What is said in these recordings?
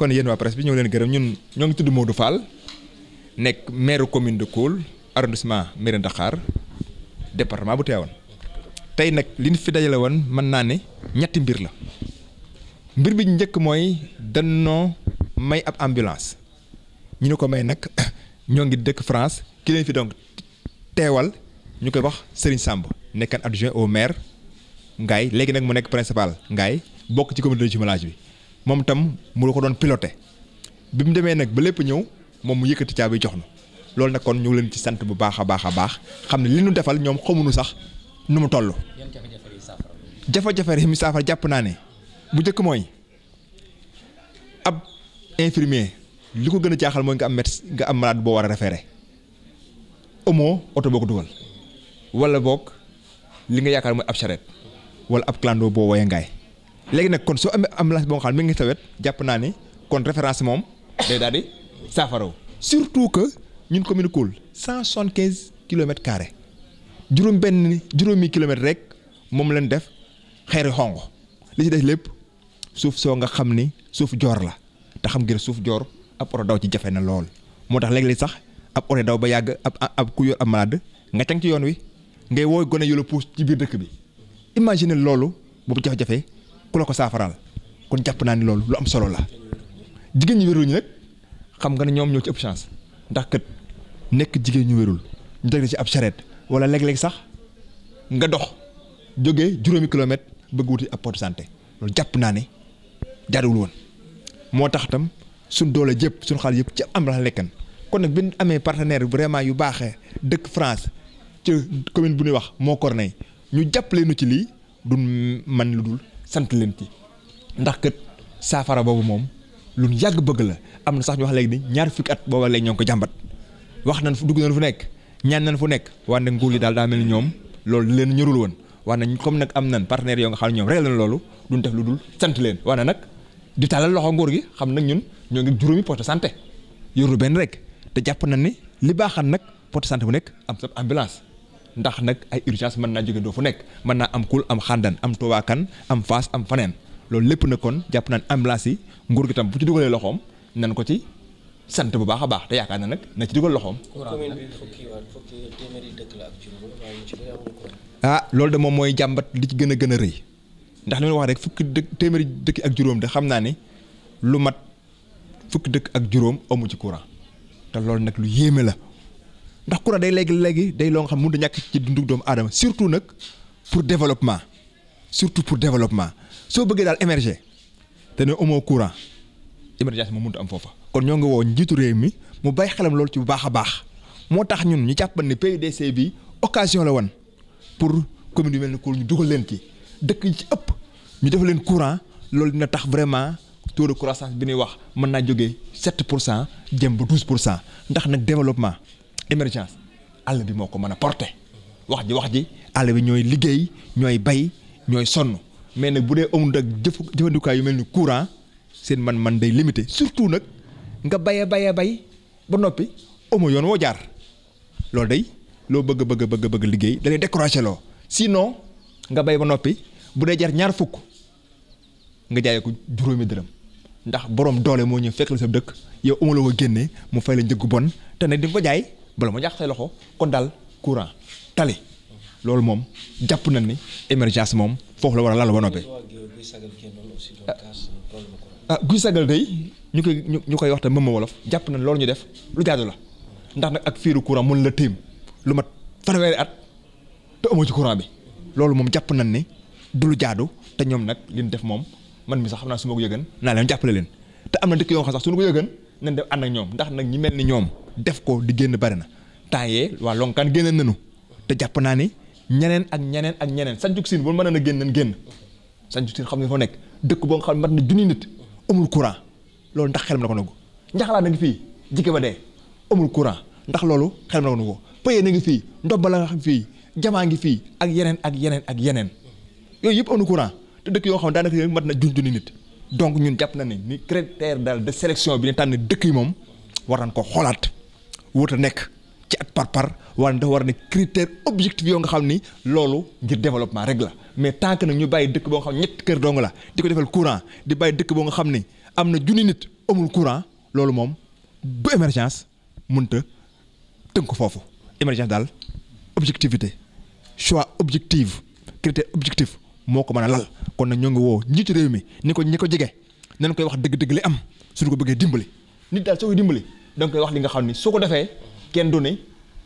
kon yéen waa presse bi ñoo leen gërëm ñun ñoo ngi tudd Modou Fall nekk maire commune de Koul arrondissement Mérina ndaxaar département bu teewal tey nag li ñu fi dajale woon mën naa ne ñetti mbir la mbir bi njëkk mooy dan noo may ab ambulance ñu ne ko may nag ñoo ngi dëkk France ki leen fi donc teewal ñu koy wax Serigne Samb nekkan adjoint au maire ngaay léegi nag mu nekk principal Ngaye bokk ci comité de jumelage bi. moom tam mu ko doon piloté bi mu demee nag ba lépp ñëw moom mu yëkkati caabi jox na loolu nag kon ñu ngi leen ci sant bu baax a baax a baax xam ne li nu defal ñoom xamuñu sax nu mu toll. jafe-jafe yi mi saafara jàpp naa ne bu njëkk mooy ab infirmier li ko gën a jaaxal mooy nga am médecin nga am malade boo war a référé amoo oto boo ko dugal wala boog li nga yaakaar mooy ab charrette wala ab clando boo woyee ngaay léegi nag kon soo amee ambulance boo xam ne mi ngi tawet jàpp naa ni kon référence moom day daal di saafaraw surtout que ñun commune Koul cent soixante quinze kilomètres carrés juróom benn juróomi kilomètres rek moom leen def xeeri xong li ci def lépp suuf soo nga xam ni suuf joor la te xam ngeen suuf joor ab oto daw ci jafe na lool moo tax léeg-léeg sax ab oto daw ba yàgg ab ab ku yor ab malade nga cang ci yoon wi ngay woo gone yu la puus ci biir dëkk bi imagine loolu boobu jafe-jafe ku la ko saafaraal kon jàpp naa ne loolu lu am solo la jigéen ñi wérul ñi nag xam nga ne ñoom ñoo ci ëpp chance ndax kët nekk jigéen ñu wérul ñu teg ci ab charrette wala léeg-léeg sax nga dox jóge juróomi kilomètre bëgg wuti ab poste santé loolu jàpp naa ne jaaduwul woon moo tax tam suñ doole jëpp suñ xaalis yëpp ci am la lekkan kon nag bi ñu amee partenaire vraiment yu baaxee dëkk France ci commune bu ñuy wax moo Corneille ñu jàppale nu ci lii du man lu sant leen ci ndax kët saafara boobu moom lu yàgg bëgg la am na sax ñu wax léegi ñaar fukki at booba léegi ñoo ko jàmbat wax nañ fu dugg nañ fu nekk ñaan nañ fu nekk wante nguur yi daal daa mel ni ñoom loolu leen ñërul woon wante comme nag am nañ partenaire yoo nga xam ne ñoom rek lañ loolu duñ def lu dul sant leen wante nag di tàllal loxo nguur gi xam nag ñun ñoo ngi juróomi poste sante yoru benn rek te jàpp na ni li baaxal nag poste santé bu nekk am sa ambulance ndax nag ay urgence mën naa jóge doo fu nekk mën naa am Koul am Xàndan am toobaakan Kane am Fass am faneen loolu lépp na kon jàpp naan ambulance yi nguur gi tam bu ci dugalee loxoom nan ko ci sant bu baax a baax te yaakaar na nag na ci dugal loxoom. ah loolu de moom mooy jàmbat li ci gën a gën a rëy ndax li ma wax rek fukki dëkk téeméeri dëkk ak juróom de xam naa ni lu mat fukki dëkk ak juróom amu ci courant te loolu nag lu yéeme la. ndax courant day léegi léegi day loo nga xam mënut a ñàkk ci dundu doomu aadama surtout nag pour développement surtout pour développement soo bëggee daal émerger te ne amoo courant émergence moom mënut am foofa. kon ñoo ngi woo njiitu réew mi mu bàyyi xelam loolu ci bu baax a baax moo tax ñun ñu jàppan ne PUDC bi occasion la woon pour commune yu mel ni Koul ñu dugal leen ci dëkk yi ci ëpp ñu def leen courant loolu dina tax vraiment taux de croissance bi ñuy wax mën naa jógee 7 pour cent jëm ba 12 pour cent ndax nag développement. émergence àll bi moo ko mën a porter wax ji wax ji àll bi ñooy liggéey ñooy bay ñooy sonn mais nag bu dee amul ak jëf jëfandikaay yu mel ni courant seen man-man day limité surtout nag nga baye bay bay ba noppi amoo yoon woo jaar loolu day loo bëgg bëgg bëgg bëgg liggéey da lay décourager loo sinon nga bay ba noppi bu dee jar ñaar fukk nga jaayee ko juróomi dërëm ndax borom doole moo ñëw fekk la sa dëkk yow amuloo ko génne mu fay la njëggu bon te ne di nga jaay. bala mu jaax say loxo ko dal courant tali loolu moom jàpp na ni émergence moom foofu la war a lal ba noppee ah, guy sagal day ñu koy ñu koy wax te mëma wolof jàpp na loolu ñu def lu jaadu la ndax nag ak fiiru courant mun la tiim lu mat fanweeri at te amoo ci courant bi loolu moom jàpp nañ ni du lu jaadu te ñoom nag li def moom man mi sax xam naa su ma ko yëgan naa leen jàppale leen te am na dëkk yoo xam sax su ñu ko yëgan nañ def ànd ak ñoom ndax nag ñi mel ni ñoom def ko di génn bari na temps yee waa lonkaan génneen nañu te jàpp naa ni ñeneen ak ñeneen ak ñeneen sanjuk siin bu mënoon a génneen génn sanjuk siin xam nga fa nekk dëkk boo xam ne mat ne junni amul courant loolu ndax xelam na ko nagu njaxalaa na ngi fii jike ba dee amul courant ndax loolu xelam na ko nagu na ngi fii ndob la nga xam fii jamaa ngi fii ak yeneen ak yeneen ak yeneen yooyu yëpp amul courant te dëkk yoo xam ne daanaka yooyu mat na jun junni nit donc ñun jàpp na ne ni critère daal de sélection bi ne tànn dëkk yi moom war nañ ko xoolaat wut a nekk ci at par par wala dafa war a ne critère objectif yoo nga xam ni loolu ngir développement rek la mais tant que nag ñu bàyyi dëkk boo nga xam ñett kër dong la di ko defal courant di bàyyi dëkk boo nga xam ni am na junni nit amul courant loolu moom bu émergence mënta ko foofu émergence daal objectivité choix objectif critère objectif moo ko mën a lal kon nag ñoo ngi woo njiitu réew mi ni ko ñi ko jege nañ koy wax dëgg-dëgg li am suñu ko bëggee dimbali nit dimbali da nga koy wax li nga xam ni su ko defee kenn du ne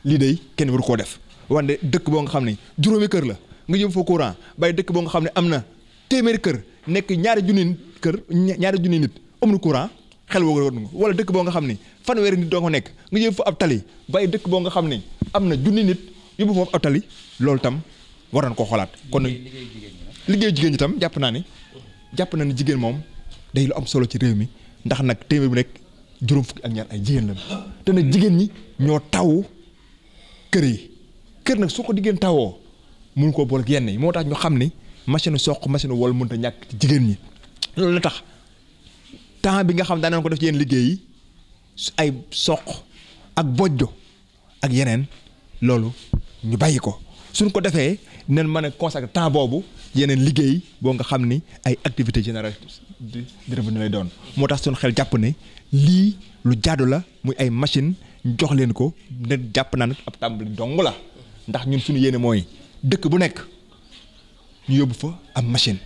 lii day kenn waru koo def wante dëkk boo nga xam ne juróomi kër la nga jëm fa courant bay dëkk boo nga xam ne am na téeméeri kër nekk ñaari junni kër ñaari junni nit amul courant xel woo war nga wala dëkk boo nga xam ne fanweeri nit doo ko nekk nga jëm fa ab tali bay dëkk boo nga xam ne am na junni nit yóbbu foofu ab tali loolu tam war nañ koo xoolaat. kon liggéey jigéen ñi tam jàpp naa ni jàpp naa ne jigéen moom day lu am solo ci réew mi ndax nag téeméer bu nekk. juróom fukki ak ñaar ay jigéen lañu te nag jigéen ñi ñoo taw kër yi kër nag su ko diggéen tawoo mun koo boole yenn yi moo tax ñu xam ni machine soq machine wol mun a ñàkk ci jigéen ñi loolu la tax temps bi nga xam daaneen ko def ci yenn liggéey yi ay soq ak bojjo ak yeneen loolu ñu bàyyi ko suñ ko defee dinañ mën a consacrer temps boobu yeneen liggéey boo nga xam ni ay activité génératrice de revenu lay doon moo tax suñu xel jàpp ne lii lu jaadu la muy ay machine jox leen ko ne jàpp naa nag ab tàmbali dong la ndax ñun suñu yéene mooy dëkk bu nekk ñu yóbbu fa am machine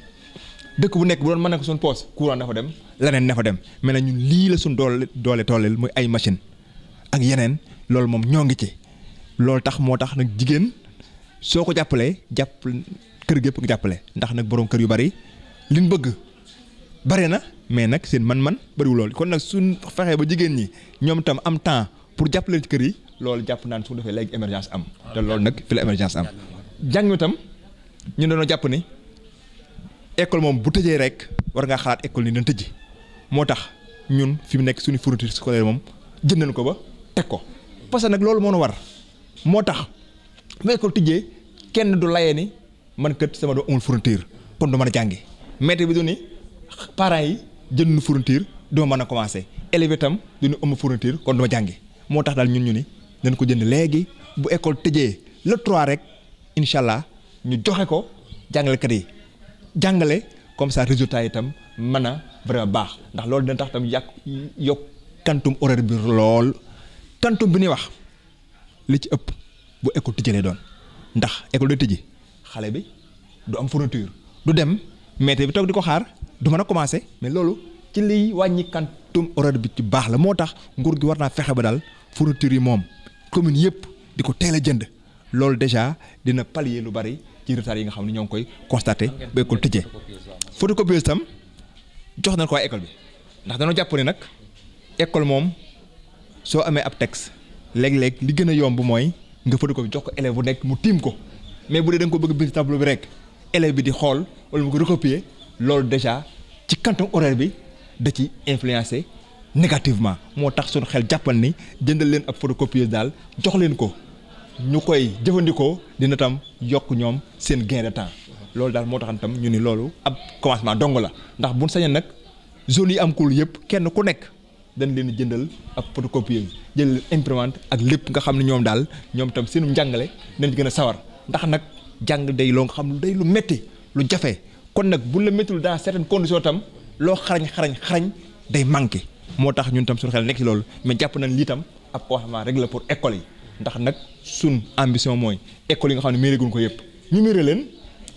dëkk bu nekk bu doon mën na ko suñu poos courant na fa dem leneen na fa dem mel na ñun lii la suñu doole doole tooleel muy ay machine ak yeneen loolu moom ñoo ngi ci loolu tax moo tax nag jigéen soo ko jàppalee jàpp kër gépp jàppale ndax nag boroom kër yu bari liñ bëgg bare na mais nag seen man-man bëriwul lool kon nag suñ fexee ba jigéen ñi ñoom itam am temps pour jàppale ci kër yi loolu jàpp naan su defee léegi émergence am te loolu nag fi la émergence am jàng itam ñu jàpp ni école moom bu tëjee rek war ngaa xaar école ni dañ tëj moo tax ñun fi mu nekk suñu fourniture scolaire moom jënd ko ba teg ko parce que nag loolu moo nu war moo tax bu école tijjee kenn du laye ni man kët sama doom amul fourniture kon du mën a jàngi maître bi du ni parents yi jënd nu fourniture du ma mën a commencé élève itam du ni amul fourniture kon du ma jàngi moo tax daal ñun ñu ni dañ ko jënd léegi bu école tëjee le trois rek incha allah ñu joxe ko jàngalekat yi jàngale comme ça résultat yi itam mën a vraiment baax ndax loolu dan tax tam yàq yokk kantum horaire bi lool kantum bi ñuy wax li ci ëpp bu école tëjee lay doon ndax école day tëji xale bi du am fourniture du dem maître bi toog di ko xaar du mën a commencer mais loolu ci liy wàññi kantum horaire bi ci baax la moo tax nguur gi war naa fexe ba daal fourniture yi moom commune yëpp di ko teel a jënd loolu déjà dina pallier lu bari ci retard yi nga xam ne ñoo ngi koy constaté ba école tëjee photocopieuse tam jox nañ ko waa école bi ndax dañoo jàpp nag école moom soo amee ab texte léeg-léeg li gën a yomb mooy nga photocopie jox ko élève bu nekk mu tiim ko mais bu dee da ko bëgg bind tableau bi rek élève bi di xool wala mu ko recopier loolu déjà ci quantum horaire bi da ci influencer négativement moo tax suñu xel jàppal ni jëndal leen ab photocopieuse daal jox leen ko ñu koy jëfandikoo dina tam yokk ñoom seen gain temps loolu daal moo tax tam ñu ni loolu ab commencement dong la ndax buñ sañoon nag zone yi am cours yëpp kenn ku nekk dañ leen jëndal ab photocopieuse jël leen imprimante ak lépp nga xam ne ñoom daal ñoom tam seenu njàngale dañ ci gën a sawar ndax nag jàng day loo nga xam lu day lu métti lu jafe kon nag bu la méttiwul dans certaines conditions tam loo xarañ xarañ xarañ day manqué moo tax ñun tam suñu xel nekk ci loolu ma jàpp nañ lii tam ab koo xam rek la pour école yi ndax nag suñ ambition mooy école yi nga xam ne mériguñ ko yëpp ñu méré leen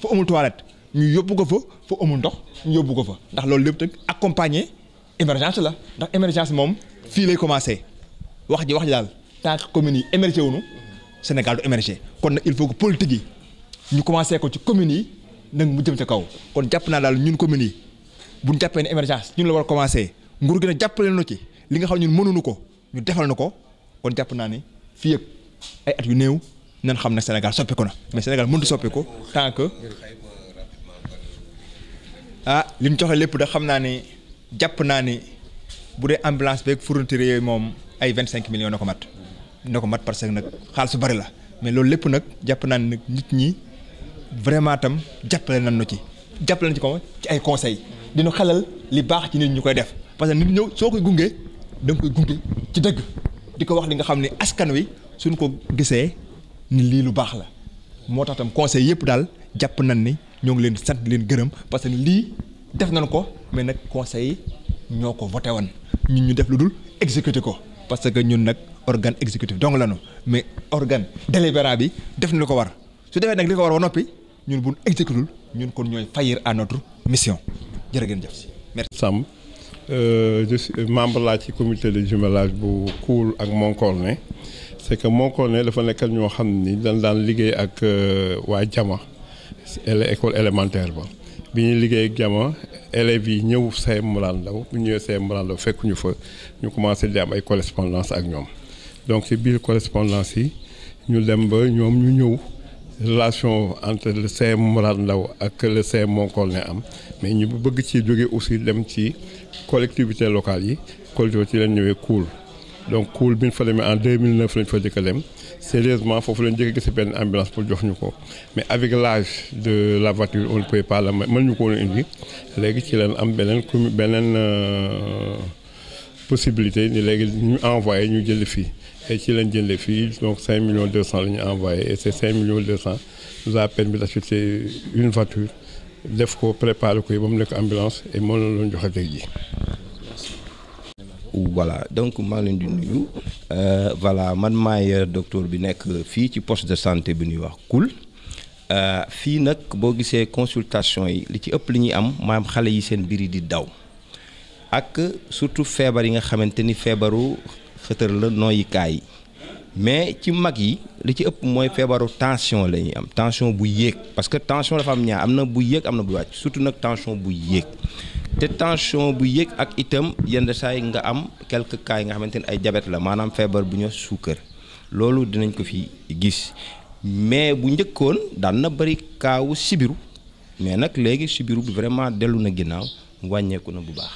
fa amul toilette ñu yóbbu ko fa fa amul ndox ñu yóbbu ko fa ndax loolu lépp tëg accompagner émergence la ndax émergence moom fii lay commencé wax ji wax ji daal tant communes yi émergé wuñu Sénégal du émerger kon nag il faut que politique yi ñu commencé ko ci communes yi nag mu jëm ca kaw kon jàpp naa daal ñun communes yi bu ñu jàppee ne émergence ñun la war a commencé nguur gi nag jàppale na ci li nga xam ñun mënuñu ko ñu defal na ko kon jàpp naa ni fii ak ay at yu néew nañ xam ne Sénégal soppeeku na mais Sénégal mënut soppeeku tant que ah li ñu joxe lépp da xam naa ni jàpp naa ni bu dee ambulance beeg fourniture yooyu moom ay vingt cinq millions na ko mat. dina ko mat parce que nag xaalis su bari la mais loolu lépp nag jàpp naa nit ñi vraiment tam jàppale nañu ci jàppale nañu ci ko ci ay conseils dina xelal li baax ci nit ñu koy def parce que nit ñëw soo koy gunge da koy gunge ci dëgg di ko wax li nga xam ne askan wi suñ ko gisee ni lii lu baax la moo tax tam conseil yëpp daal jàpp nañ ni ñoo ngi leen sant leen gërëm parce que lii def nañ ko mais nag conseil yi ñoo ko voté woon ñun ñu def lu dul exécuté ko organe exécutif donc lanu mais organe délibérant bi def na li ko war su defee nag li ko war ba noppi ñun bu exécutul ñun kon ñooy faillir à notre mission jërë ngeen jëf si merci. Sam euh, je suis membre laa ci comité de jumelage bu Koul ak Moncorné c'est que Moncorné dafa nekkal ñoo xam ni dañ daan liggéey ak euh, waa Jama école élémentaire ba bi ñuy liggéey ak Jama élèves yi ñëw CM Moulaan Ndaw bu ñëwee CM Moulaan Ndaw fekkuñu fa ñu commencé di am ay correspondance ak ñoom. donc ci biir correspondance yi ñu dem ba ñoom ñu ñëw relation entre le CM Mourad Ndaw ak le CM Moncol ne am mais ñu bu bëgg ci jóge aussi dem ci collectivité locale yi collectivité leen ñëwee Koul donc Koul bi ñu fa demee en 2009 lañ fa jëkk a dem sérieusement foofu lañ jëkk a gis benn ambulance pour jox ñu ko mais avec l'âge de la voiture on ne pouvait pas la mën ñu ko woon indi léegi ci leen am beneen commune beneen euh, possibilité ni léegi ñu envoyé ñu jël fii. ci leen jëndee fii donc 5 millions 200 la ñu envoyé et ces 5 millions 200 nous a permis d'acheter une def ko préparer ko ba mu nekk ambulance et moom la doon joxe tey jii. voilà donc maa leen di nuyu euh, man maay docteur bi nekk fii ci poste de santé bi ñuy wax Koul euh, fii nag boo gisee consultation yi li ci ëpp li ñuy am maam xale yi seen biir di daw ak surtout feebar yi nga xamante ni feebaru. xëtër la nooyikaay mais ci mag yi li ci ëpp mooy feebaru tension la ñuy am tension bu yéeg parce que tension dafa am ñaar am na bu yéeg am na bu wàcc surtout nag tension bu yéeg te tension bu yéeg ak itam yenn saa yi nga am quelques cas yi nga xamante ne ay diabète la maanaam feebar bu ñu suukar loolu dinañ ko fi gis mais bu njëkkoon daan na bëri kaawu sibiru mais nag léegi sibiru bi vraiment dellu na ginnaaw wàññeeku na bu baax.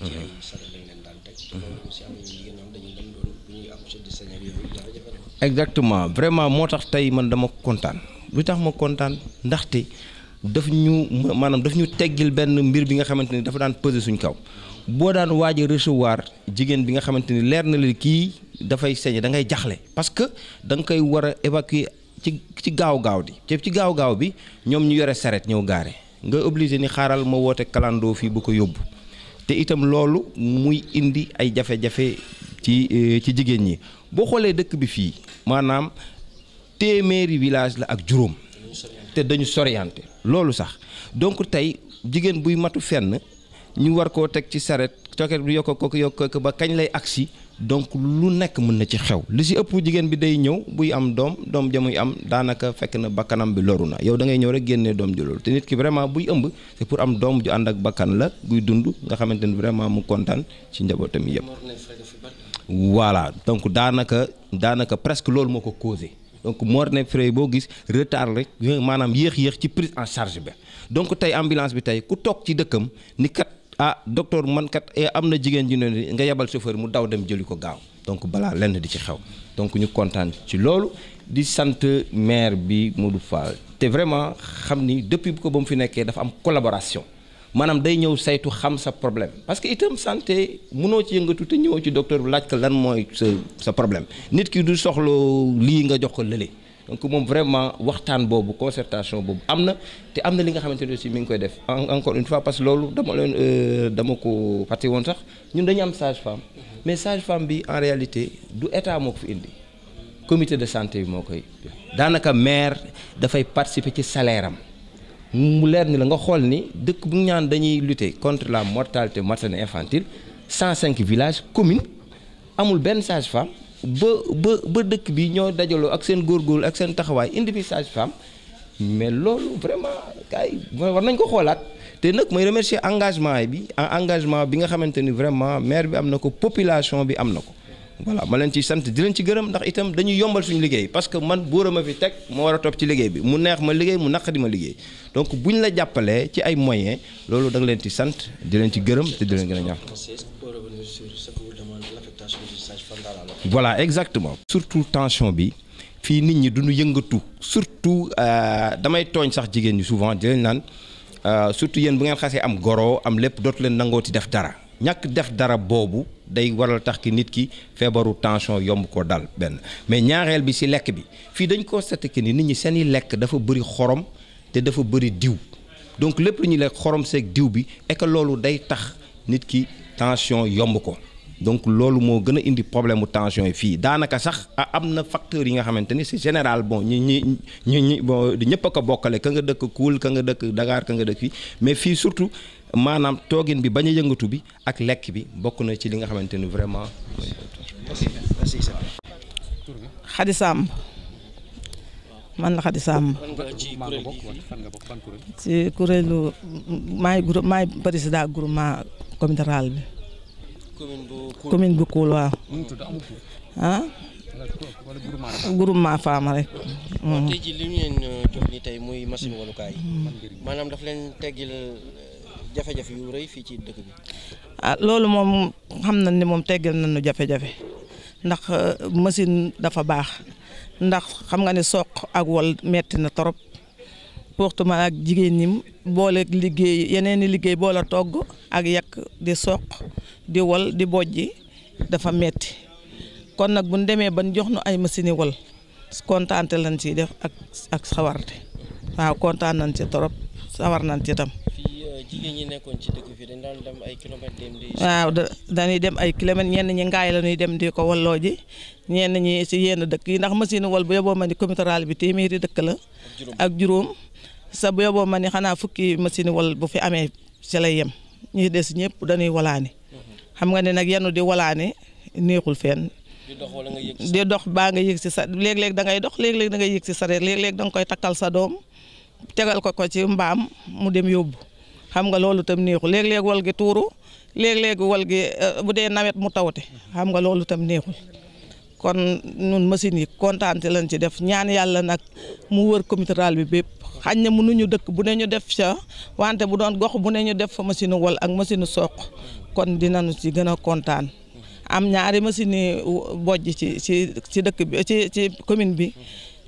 ci ay mhm. exactement vraiment moo tax tey man dama kontaan lu tax ma kontaan ndaxte daf ñu maanaam daf ñu teggil benn mbir bi nga xamante ni dafa daan peser suñ kaw boo daan waaj a recevoir jigéen bi nga xamante ni leer na la kii dafay sañe da ngay jaxle parce que da koy war a évacuer ci ci gaaw gaaw di ci gaaw gaaw bi ñoom ñu yore saret ñëw gaare nga obligé ni xaaral ma woote kalando fii bu ko yóbbu te itam loolu muy indi ay jafe-jafe ci euh, ci jigéen ñi boo xoolee dëkk bi fii maanaam téeméeri village la ak juróom te dañu soriante loolu sax donc tey jigéen buy matu fenn ñu war koo teg ci saret coket bi yokk ko yokk ko ba kañ lay agsi donc lu nekk mën na ci xew li si ëpp jigéen bi day ñëw buy am doom doom ja muy am daanaka fekk na bakkanam bi loru na yow da ngay ñëw rek génne doom ju loolu te nit ki vraiment buy ëmb c'est pour am doom ju ànd ak bakkan la buy dund nga xamante ni vraiment mu kontaan ci njabootam yëpp. voilà donc daanaka daanaka presque loolu moo ko causé donc Morne Frey boo gis retard rek maanaam yéex-yéex ci prise en charge bi donc tey ambulance bi tey ku toog ci dëkkam ni ah docteur mankat eh, am na jigéen ji ne nga yebal chauffeur mu daw dem jëli ko gaaw donc balaa lenn di ci xew donc ñu kontaan ci loolu di sant maire bi du Fall te vraiment xam ni depuis bu ko ba mu fi nekkee dafa am collaboration maanaam day ñëw saytu xam sa problème parce que itam santé mënoo ci yëngatu te ñëwoo ci docteur bi laaj ko lan mooy sa problème nit ki du soxla lii nga jox ko lële. donc moom vraiment waxtaan boobu concertation boobu am na te am na li nga xamante ne aussi mi ngi koy def encore une fois parce que loolu dama leen euh, dama ko fàtte woon sax ñun dañu am sage-femme mais sage-femme bi en réalité du état moo ko fi indi comité de santé bi moo koy daanaka maire dafay participer ci salaire am mu leer ni la nga xool ni dëkk bu ñaan dañuy lutter contre la mortalité maternelle infantile 105 village commune amul benn sage-femme ba ba ba dëkk bi ñoo dajaloo ak seen góor góorgóorlu ak seen taxawaay indi sage-femme mais loolu vraiment kay war nañ ko xoolaat te nag mooy remercier engagement bi engagement bi nga xamante ni vraiment maire bi am na ko population bi am na ko voilà ma leen ci sant di leen ci gërëm ndax itam dañuy yombal suñu liggéey parce que man buur a ma fi teg moo war a topp ci liggéey bi mu neex ma liggéey mu naqadi ma liggéey donc ñu la jàppalee ci ay moyens loolu da leen ci sant di leen ci gërëm te di voilà exactement. surtout tension bi fii nit ñi duñu yëngatu surtout euh, damay tooñ sax jigéen ñi souvent di leen naan euh, surtout yéen bu ngeen xasee am goro am lépp dootu leen nangooti def dara ñàkk def dara boobu day waral tax ki nit ki feebaru tension yomb ko daal benn mais ñaaxeel bi si lekk bi fii dañ koo seetlu ni nit ñi seeni lekk dafa bëri xorom te dafa bëri diw. donc lépp lu ñuy lekk xorom seeg diw bi et loolu day tax nit ki tension yomb ko donc loolu moo gën a indi problème mu tension yi fii daanaka sax a am na facteurs yi nga xamante ni c'est général bon ñi ñi ñi ñi bon ñëpp a ko bokkale ka nga dëkk Koul ka nga dëkk Dakar ka nga dëkk fii mais fii surtout maanaam toogin bi bañ a yëngatu bi ak lekk bi bokk na ci li nga xamante ni vraiment. Xadi Samb man la Xadi Samb ci kuréelu maay groupe maay président groupement communauté rurale bi. commune bu Koul commune bu Koul waaw. ah. groupement femme rek. waaw mm-hmm. tey jii li ñu leen euh, jox ni tey muy machine walukaay mm-hmm. maanaam daf leen teggil euh, jafe-jafe yu rëy fii ci dëkk bi. ah loolu moom xam nañ ne moom teggil nañu jafe-jafe ndax euh, machine dafa baax ndax xam nga ne soq ak wal metti na torop portement ak jigéen ñi booleeg liggéey yeneen i liggéey boole togg ak yàq di soq di wal di bojji dafa metti kon nag bu ñu demee ban jox nu ay machine wal kontaante lañ ciy def ak ak sawarte waaw kontaan nañ ci trop sawar nañ tam. Euh, jigéen ñi nekkoon ci dëkk bi dañ daan dem ay kilomètres dem di. waaw dañuy dem ay kilomètres ñenn ñi ngaay la dem di ko walloo ji ñenn ñi si yenn dëkk yi ndax machine wal bu yeboo ma ni comité bi téeméeri dëkk la. ak juróom sa bu ma ni xanaa fukki machine wal bu fi amee ci la yem ñi des ñëpp dañuy walaani xam nga ne nag yenu di walaani neexul fenn di dox baa nga yëg si sa léeg-léeg da ngay dox léeg-léeg da ngay yëg si sa reer léeg-léeg da koy takkal sa doom tegal ko ko ci mbaam mu dem yóbbu xam nga loolu tam neexul léeg-léeg wal gi tuuru léeg-léeg wal gi euh, bu dee nawet mu tawte xam nga loolu tam neexul kon ñun machine yi kontaante lañ ci def ñaan yàlla nag mu wër comité bi bépp xañ na mënuñu dëkk bu ne ñu def ca wante bu doon gox bu ne ñu def fa machine wol ak machine soq kon dina dinañu ci gën a kontaan am ñaari machine bojj ci ci ci dëkk bi ci ci commune bi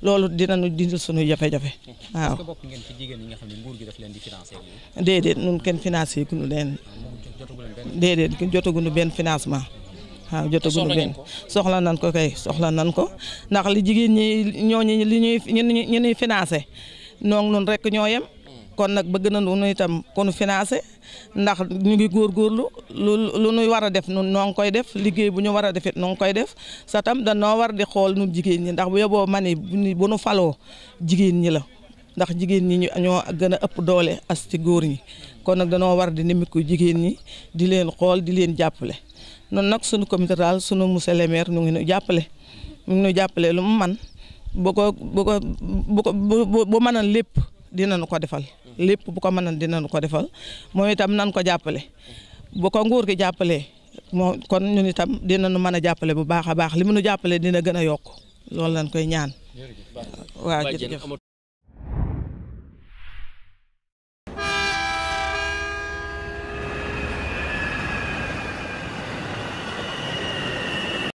loolu dinañu dindil suñu jafe-jafe waaw. est-ce que bokk ngeen ci jigéen ñi gi daf leen di financer. déedéet ñun kenn financé ku ñu jotaguñu benn financement. waaw jotaguñu benn soxla nan ko kay soxla nan ko ndax li jigéen ñi ñooñu li ñuy ñu ñuy financé noon noonu rek ñoo yem kon nag bëgg na nu itam kon financé ndax ñu ngi góor lu lu nuy war a def nun noo koy def liggéey bu ñu war a defit noo ngi koy def sa tam danoo war di xool nun jigéen ñi ndax bu yoboo ma bu nu faloo jigéen ñi la ndax jigéen ñi ñoo gën a ëpp doole as ci góor ñi kon nag danoo war di nimiku jigéen ñi di leen xool di leen jàppale noonu nag sunu comité rural sunu monsieur le maire ñu ngi nu jàppale ñu nu jàppale lu mu man bu ko bu ko bu ko bu mënoon lépp dinañu ko defal lépp bu ko na dina nu ko defal moo itam nan ko jàppale bu ko nguur gi jàppale moo kon ñun itam nu mën a jàppale bu baax a baax li mu nu jàppale dina gën a yokk loolu lañ koy ñaan waaw jërëjëf